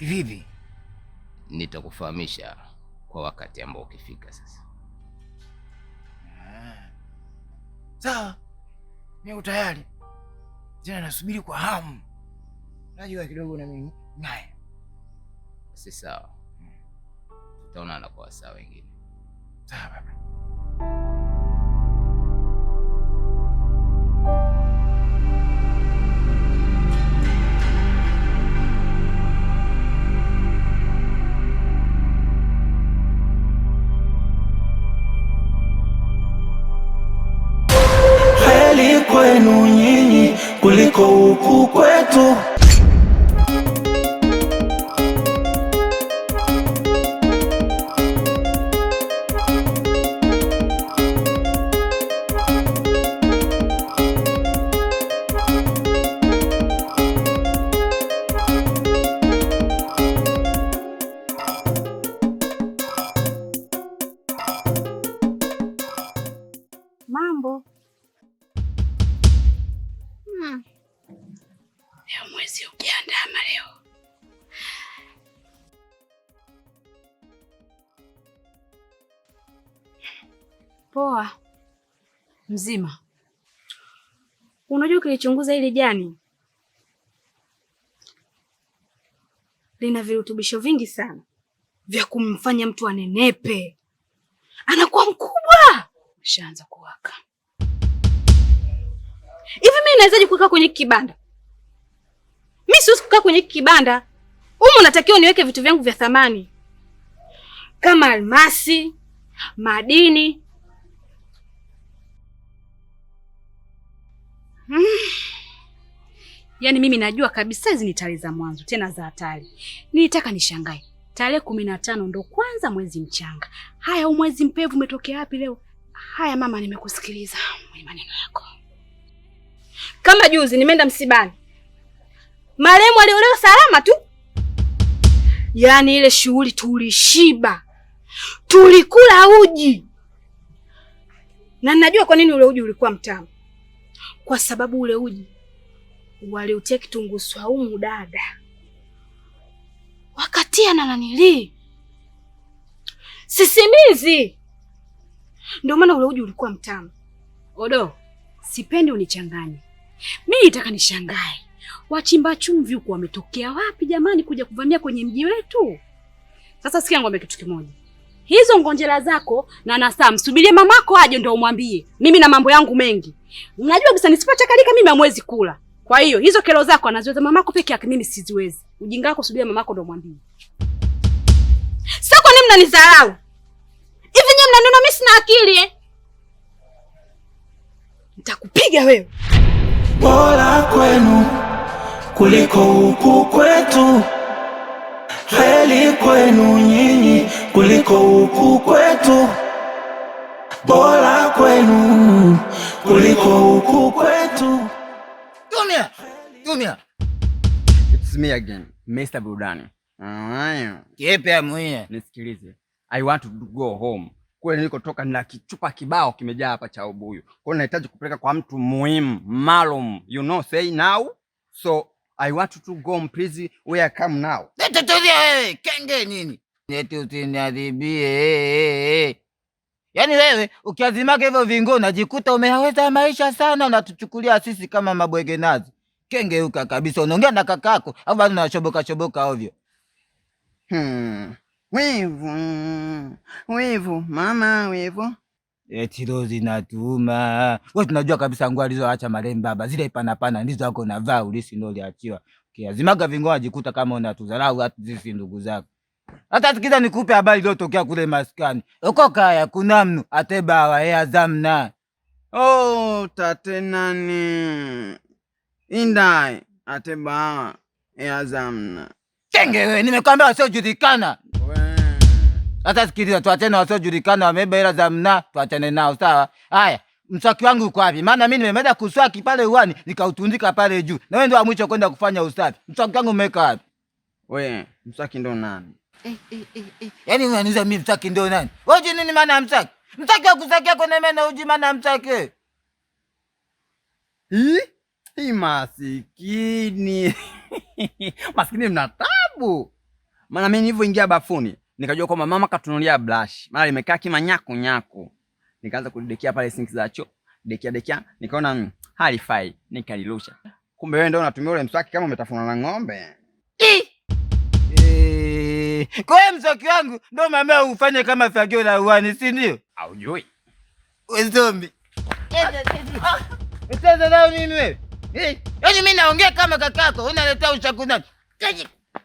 Kivipi? Nitakufahamisha kwa wakati ambao ukifika. Sasa ah. sawa, niko tayari tena, nasubiri kwa hamu. Najua kidogo na mimi naye. Si sawa, hmm. tutaonana kwa wasaa wengine. Sawa baba. wenu nyinyi kuliko huku kwetu. ya mwezi ukiandama leo. Poa mzima. Unajua ukilichunguza hili jani lina virutubisho vingi sana vya kumfanya mtu anenepe, anakuwa mkubwa. Shaanza kuwaka hivi, mimi nawezaje kuweka kwenye kibanda siwezi kukaa kwenye kibanda humu, unatakiwa niweke vitu vyangu vya thamani kama almasi, madini. Hmm. Yaani mimi najua kabisa hizi ni tarehe za mwanzo tena za hatari. Nilitaka nishangae tarehe kumi na tano ndo kwanza mwezi mchanga. Haya, huu mwezi mpevu umetokea wapi leo? Haya mama, nimekusikiliza mwenye maneno yako. Kama juzi nimeenda msibani Marehemu aliolewa salama tu. Yaani ile shughuli tulishiba, tulikula uji, na najua kwa nini ule uji ulikuwa mtamu, kwa sababu ule uji waliutia kitunguu swaumu, dada, wakatia na nanilii sisimizi, ndio maana ule uji ulikuwa mtamu. Odo, sipendi unichanganye, mimi, nitaka nishangae Wachimba chumvi huko wametokea wapi jamani, kuja kuvamia kwenye mji wetu? Sasa sikia ngombe kitu kimoja, hizo ngonjera zako na nasa, msubirie mamako aje ndio umwambie. Mimi na mambo yangu mengi, unajua kabisa nisipochakalika mimi hamwezi kula. Kwa hiyo hizo kero zako anaziweza mamako peke yake, mimi siziwezi. Ujinga wako subiria mamako ndio umwambie. Sasa kwa nini mnanidharau hivi? Nyinyi mnaniona mimi sina akili eh? Nitakupiga wewe. Bora kwenu kuliko huku kwetu, heli kwenu nyinyi kuliko huku kwetu, bora kwenu kuliko huku kwetu. Junior, Junior, it's me again, Mr. Burudani. Kiepea mwenye nisikilize, I want to go home. Kule nilikotoka na kichupa kibao kimejaa hapa cha ubuyu, kwa hiyo nahitaji kupeleka kwa mtu muhimu maalum, you know, say now so I want to go please where I come now. Wewe kenge nini? Eti usiniadhibie. Eh, eh, eh. Yaani wewe ukiazimaga hivyo vingo unajikuta umeweza maisha sana, unatuchukulia sisi kama mabwege nazi. Kengeuka kabisa, unaongea na kakako au bado unachoboka shoboka ovyo? Hmm. Wivu. Wivu mama, wivu eti roho zinatuma. Wewe tunajua kabisa nguo alizoacha marehemu baba zile pana pana ndizo zako unavaa, ulisi ndio uliachiwa. azimaga vingoa jikuta kama unatudharau hata sisi ndugu zako. Hata sikiza nikupe habari iliyotokea kule maskani. Uko kaya kuna mnu ateba atebawa yeye eh, zamna. Oh, tate nani. Indai atebawa yeye eh, zamna. Kenge wewe nimekwambia sio julikana. Sasa sikiliza, tuachane na wasiojulikana, wameiba hela za mna, tuachane nao sawa. Haya, mswaki wangu uko wapi? Maana mimi nimeenda kuswaki pale uani nikautundika pale juu, na wewe ndio wa mwisho kwenda kufanya usafi. Mswaki wangu umeweka wapi? We mswaki ndo nani? Eh, eh, eh, eh. Yaani unaniuliza mimi mswaki ndo nani? Wewe uji nini maana ya mswaki? Mswaki wa kusakia kwenye meno uji maana ya mswaki? Hii hii masikini. Masikini mna tabu. Maana mimi nilivyoingia bafuni nikajua kwamba mama katunulia brush. Mara limekaa kima nyako nyako, nikaanza kudekia pale sinki za choo, dekia dekia, nikaona hmm, halifai, nikalirusha. Kumbe wewe ndio unatumia ule mswaki kama umetafuna na ng'ombe. Eh. Kwa hiyo mswaki wangu ndio mama ufanye kama fagio la uani, si ndio? Aujui Wewe zombi. Eh, eh, Mchezo nao nini wewe? Yaani mimi naongea kama kakako, unaletea uchaku nani?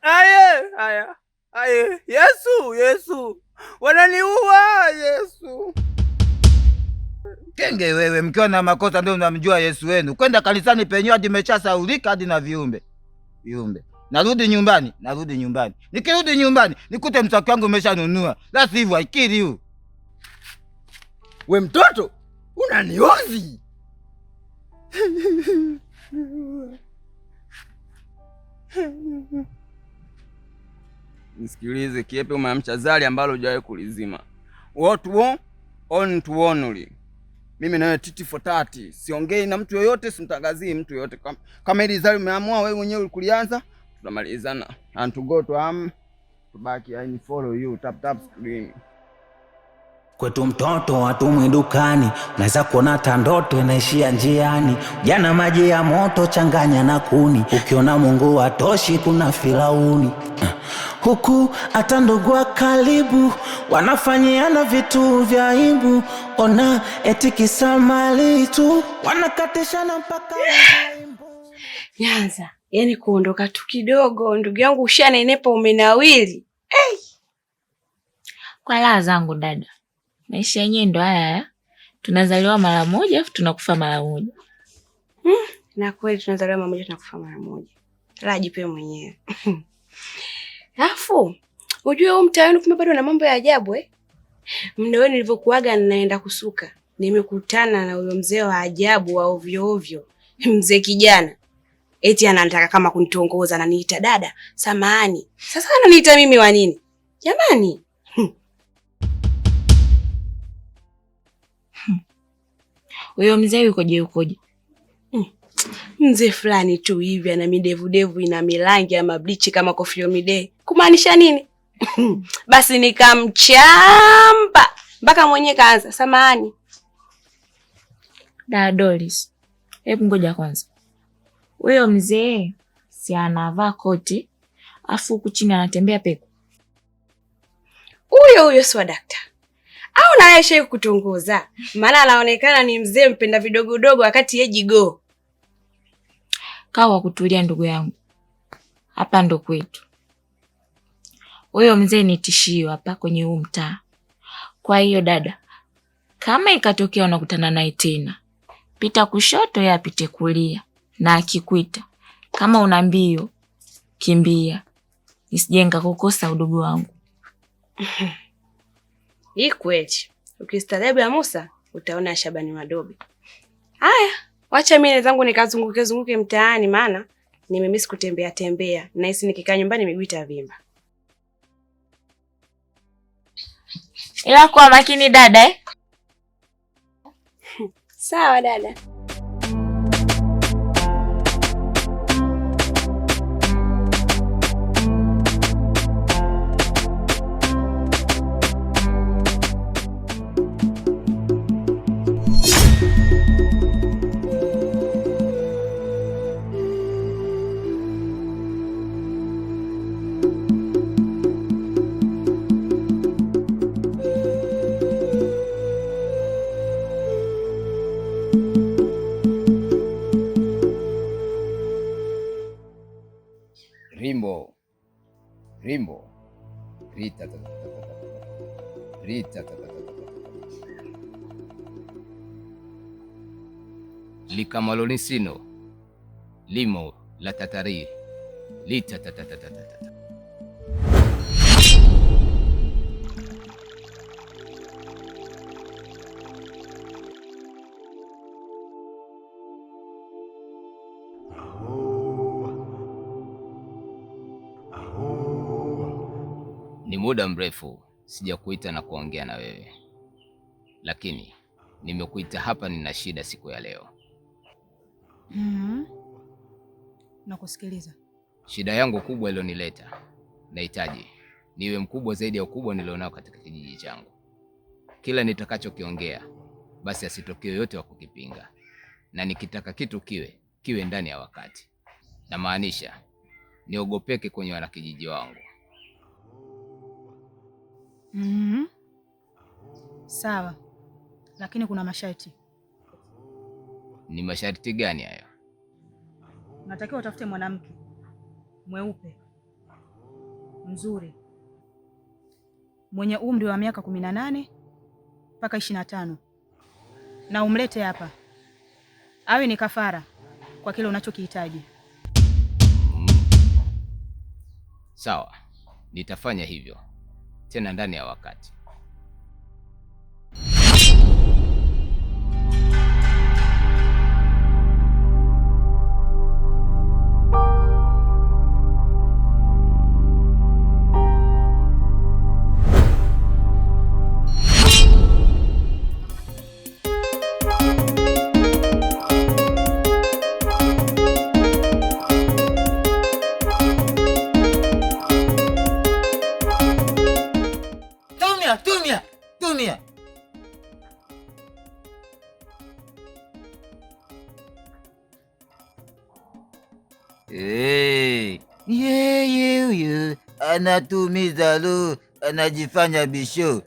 Haya, Aye, Yesu, Yesu, wananiua Yesu. Kenge wewe, mkiwa na makosa ndio mnamjua Yesu wenu. Kwenda kanisani penyewe hadi imeshasaulika hadi na viumbe viumbe. Narudi nyumbani, narudi nyumbani. Nikirudi nyumbani nikute mswaki wangu umeshanunua, la sivyo akili huu. We mtoto unaniozi nisikilize, kiepe umeamsha zali ambalo hujawahi kulizima. Watu on to only. Mimi nawe titi for tati, siongei na mtu yoyote, simtangazii mtu yoyote. Kama hili zali umeamua wewe mwenyewe kulianza, tunamalizana and to go to am to I follow you tap tap screen Kwetu mtoto watumwi dukani, naweza kuona ta ndoto inaishia njiani. Jana maji ya moto changanya na kuni, ukiona Mungu watoshi kuna Firauni. Hm. Huku hata ndugu wa karibu wanafanyiana vitu vya aibu, ona eti kisa mali tu wanakatishana mpaka Nyanza. Yani kuondoka tu kidogo, ndugu yangu ushanenepa, umenawili. Hey, kwa laa zangu dada Maisha yenyewe ndo haya haya, eh? tunazaliwa mara moja afu tunakufa mara moja. Hmm, na kweli tunazaliwa mara moja tunakufa mara moja. La pia mwenyewe. Alafu ujue huu mtaa wenu kumbe bado na mambo ya ajabu eh? Mda wenu nilivyokuaga ninaenda kusuka, nimekutana na huyo mzee wa ajabu wa ovyo ovyo, mzee kijana. Eti anataka kama kunitongoza, ananiita dada, samahani. Sasa ananiita mimi wa nini? Jamani. Hmm. Hmm. Huyo mzee yukoje yukoje? Hmm. Mzee fulani tu hivi ana midevu devu ina milangi ya mablichi kama Koffi Olomide. Kumaanisha nini? Hmm. Basi nikamchamba mpaka mwenyewe kaanza samani Da Doris. Hebu ngoja kwanza. Huyo mzee si anavaa koti afu huku chini anatembea peku? Huyo huyo si daktari au na yeye shehe Maana anaonekana ni mzee mpenda vidogodogo, wakati yeye jigo. Kawa kutulia, ndugu yangu, hapa ndo kwetu. Huyo mzee ni tishio hapa kwenye huu mtaa. Kwa hiyo dada, kama ikatokea unakutana naye tena, pita kushoto, ye apite kulia, na akikwita kama una mbio kimbia, isijenga kukosa udogo wangu Hii kweli. Ukistaajabu ya Musa utaona ya Shabani Madobe. Haya, wacha mimi zangu nikazunguke zunguke mtaani, maana nimemisi kutembea tembea, nahisi nikikaa nyumbani miguu itavimba. Ila kwa makini dada eh? Sawa dada. rimbo rimbo rita rita likamalonisino limo la tatari lita Ni muda mrefu sijakuita na kuongea na wewe, lakini nimekuita hapa, nina shida siku ya leo. mm -hmm. Nakusikiliza. Shida yangu kubwa ilionileta, nahitaji niwe mkubwa zaidi ya ukubwa nilionao katika kijiji changu. Kila nitakachokiongea basi asitokee yoyote wa kukipinga, na nikitaka kitu kiwe kiwe ndani ya wakati, namaanisha niogopeke kwenye wanakijiji wangu Mm -hmm. Sawa, lakini kuna masharti. Ni masharti gani hayo? Natakiwa utafute mwanamke mweupe mzuri mwenye umri wa miaka kumi na nane mpaka ishirini na tano na umlete hapa awe ni kafara kwa kile unachokihitaji. Sawa, nitafanya hivyo tena ndani ya wakati. anatumiza lu, anajifanya bisho.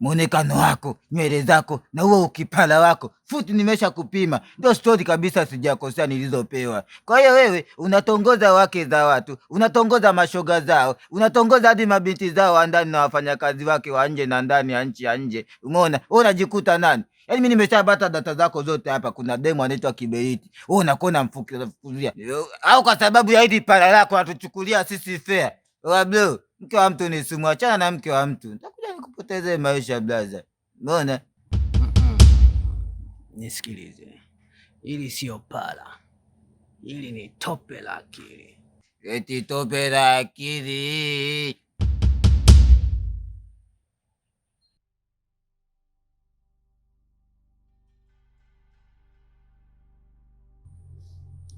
Mwonekano wako, nywele zako na huo ukipala wako, futi nimesha kupima, ndio stori kabisa, sijakosea nilizopewa. Kwa hiyo wewe unatongoza wake za watu, unatongoza mashoga zao, unatongoza hadi mabinti zao wa ndani na wafanyakazi wake wa nje na ndani ya nchi ya nje. Umeona wewe unajikuta nani? Yaani mimi nimeshapata data zako zote hapa. Kuna demo anaitwa Kiberiti, wewe unakuwa unamfukuzia au kwa sababu ya hili pala lako, natuchukulia sisi fair Baba mke wa mtu ni sumu, achana na mke wa mtu, nitakuja nikupoteze maisha blaza. Mbona? Nisikilize, hili siyo pala, hili ni tope la akili. Eti tope la akili?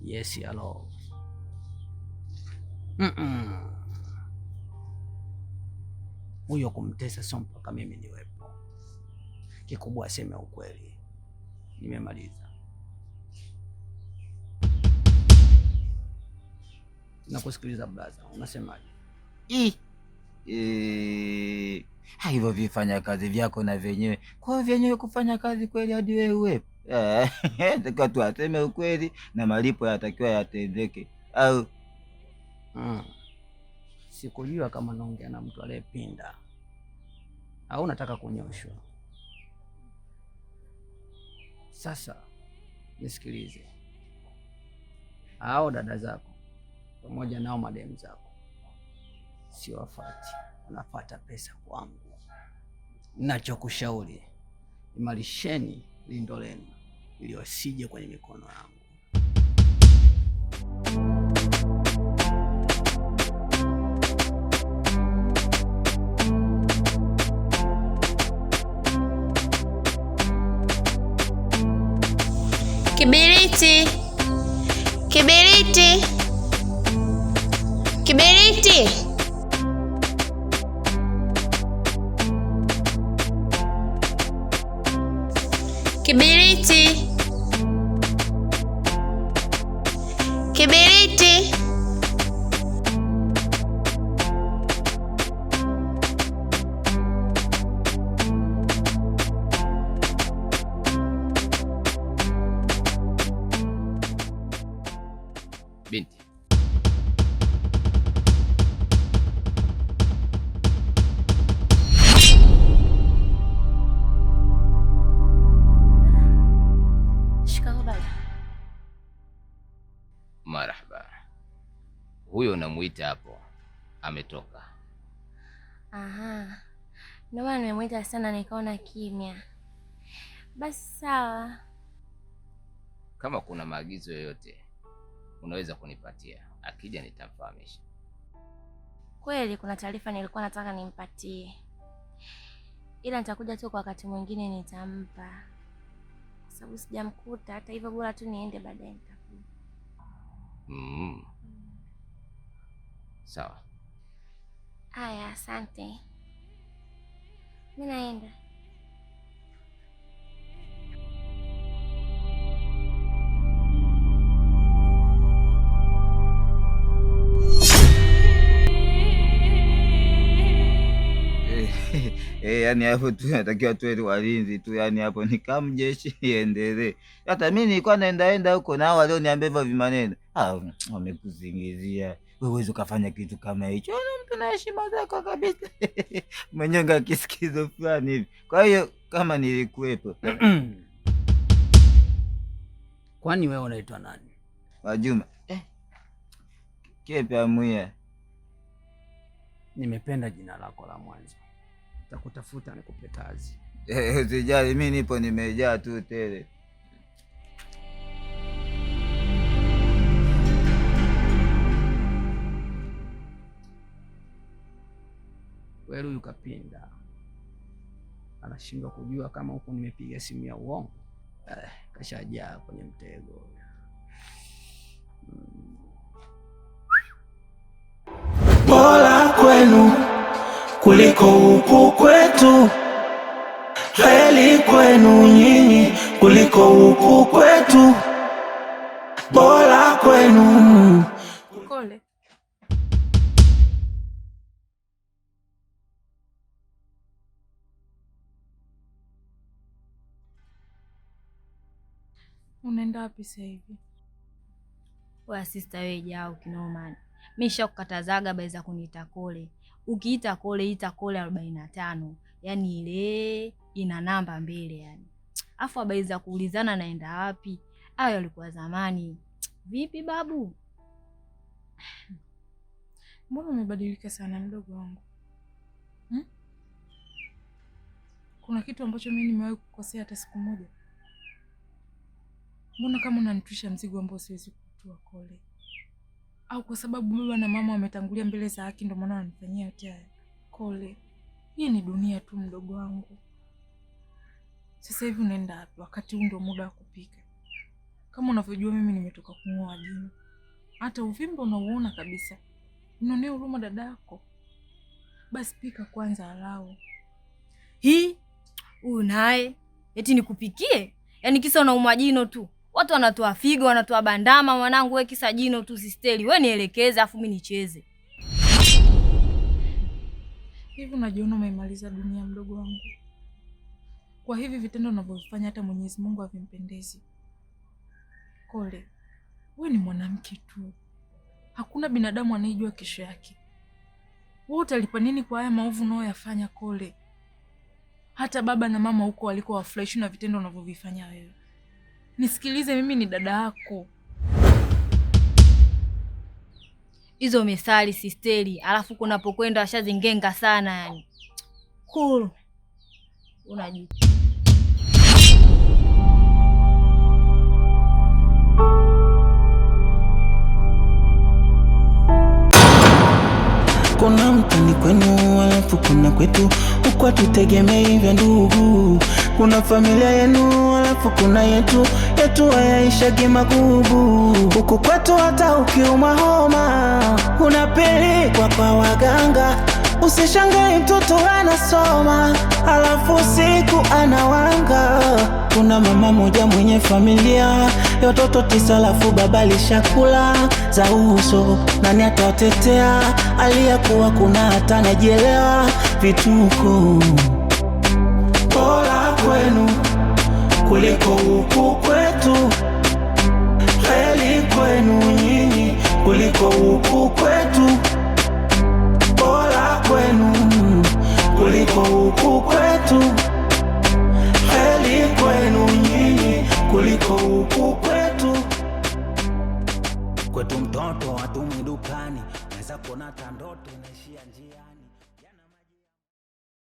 Yes, alo. Mm -mm huyo kumtesa sio mpaka mimi niwepo. Kikubwa aseme ukweli. Nimemaliza. Nakusikiliza brother, unasemaje? E, hivyo vifanya kazi vyako na vyenyewe kwa vyenyewe kufanya kazi kweli hadi wewe uwepo. Eh, Takiwa aseme ukweli na malipo yatakiwa yatendeke, au mm sikujua kama naongea na mtu aliyepinda au nataka kunyoshwa. Sasa nisikilize, au dada zako pamoja nao mademu zako siwafati wafati, wanafata pesa kwangu. Nachokushauri imarisheni lindo lenu, iliyosije kwenye mikono yangu. day. binti. Marhaba. Huyo unamuita hapo ametoka. Aha, ndio maana nimemwita sana nikaona kimya. Basi sawa, kama kuna maagizo yoyote unaweza kunipatia, akija nitamfahamisha. Kweli kuna taarifa nilikuwa nataka nimpatie, ila nitakuja tu kwa wakati mwingine nitampa, kwa sababu sijamkuta. Hata hivyo bora tu niende, baadaye nitakuja. Mm. Sawa. Haya, asante, mi naenda. Eh, yani hapo tu natakiwa tuwe tu walinzi tu, yani hapo ni kama jeshi iendelee. Hata mimi nilikuwa naenda enda huko na wale walioniambia hivyo vimaneno. Ah, mm, wamekuzingizia. Wewe uweze kufanya kitu kama hicho. Ana mtu na heshima zako kabisa. Mwenyonga kisikizo fulani hivi. Kwa hiyo kama nilikuwepo. Kwani wewe unaitwa nani? Wajuma. Eh. Kepe Amuya. Nimependa jina lako la mwanzo takutafuta nikupe kazi. Usijali, mi nipo nimejaa tu tele. Kweli huyu kapinda anashindwa kujua kama huku nimepiga simu ya uongo. Eh, kashajaa kwenye mtego bola kwenu kuliko huku kwetu, heli kwenu nyinyi kuliko huku kwetu, bora kwenu. Unaenda wapi sasa hivi? Wa sista, wewe jao kinaoma Mesha kukatazaga bei za kuniita kole. Ukiita kole ita kole arobaini na tano, yaani ile ina namba mbele yani. Afu bei za kuulizana naenda wapi? Hayo yalikuwa zamani. Vipi babu? Mbona umebadilika sana mdogo wangu hmm? Kuna kitu ambacho mimi nimewahi kukosea hata siku moja? Mbona kama unanitusha mzigo ambao siwezi kutua kole au kwa sababu baba na mama wametangulia mbele za haki, ndio maana wanifanyia yote haya. Kole, hii ni dunia tu, mdogo wangu. Sasa hivi unaenda wapi? Wakati huu ndio muda wa kupika. Kama unavyojua mimi nimetoka kung'oa jino, hata uvimbe unauona kabisa. Unaonea huruma dada yako, basi pika kwanza alao. Hii unaye eti nikupikie? Yaani kisa unaumwa jino tu Watu wanatoa figo, wanatoa bandama, mwanangu we kisa jino tu sisteli. We nielekeze afu mi nicheze. Hivi unajiona umeimaliza dunia, mdogo wangu? Kwa hivi vitendo unavyofanya hata Mwenyezi Mungu havimpendezi. Kole, we ni mwanamke tu, hakuna binadamu anayejua kesho yake. We utalipa nini kwa haya maovu unayoyafanya? Kole, hata baba na mama huko waliko wafurahishi na vitendo unavyovifanya wewe. Nisikilize, mimi ni dada yako. Hizo methali sisteri, alafu kunapokwenda washazingenga sana yani. Cool. unajua kuna mtani kwenu halafu kuna kwetu huku hatutegemei vya ndugu. Kuna familia yenu halafu kuna yetu, yetu hayaishagi magugu. Huku kwetu hata ukiumwa homa unapelekwa kwa waganga. Usishangae mtoto anasoma halafu siku anawanga. Kuna mama moja mwenye familia yototo tisa, lafu baba lishakula za uso. Nani atawatetea aliyakuwa kuna hata najielewa vituko? Bora kwenu kuliko huku kwetu, heli kwenu nyinyi kuliko huku kwetu, bora kwenu kuliko huku kwetu kuliko huku kwetu. Kwetu mtoto watumi dukani, naweza kuona hata ndoto inaishia njia